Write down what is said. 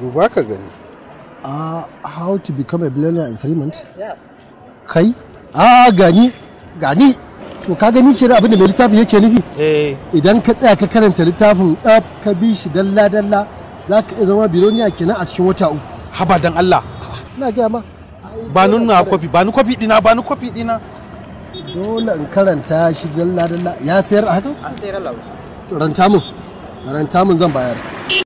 duba ka gani how to become a billionaire in three months kai a gani gani to ka gani ke abin da mai littafin yake nufi eh. idan ka tsaya ka karanta littafin tsaf ka bi shi dalla dalla za ka iya zama biloniya kenan a cikin wata uku haba dan Allah na gaya ma ba nuna kofi ba kofi dina ba ni kofi dina dole in karanta shi dalla dalla ya sayar a haka an sayar Allah ranta mun ranta mun zan bayar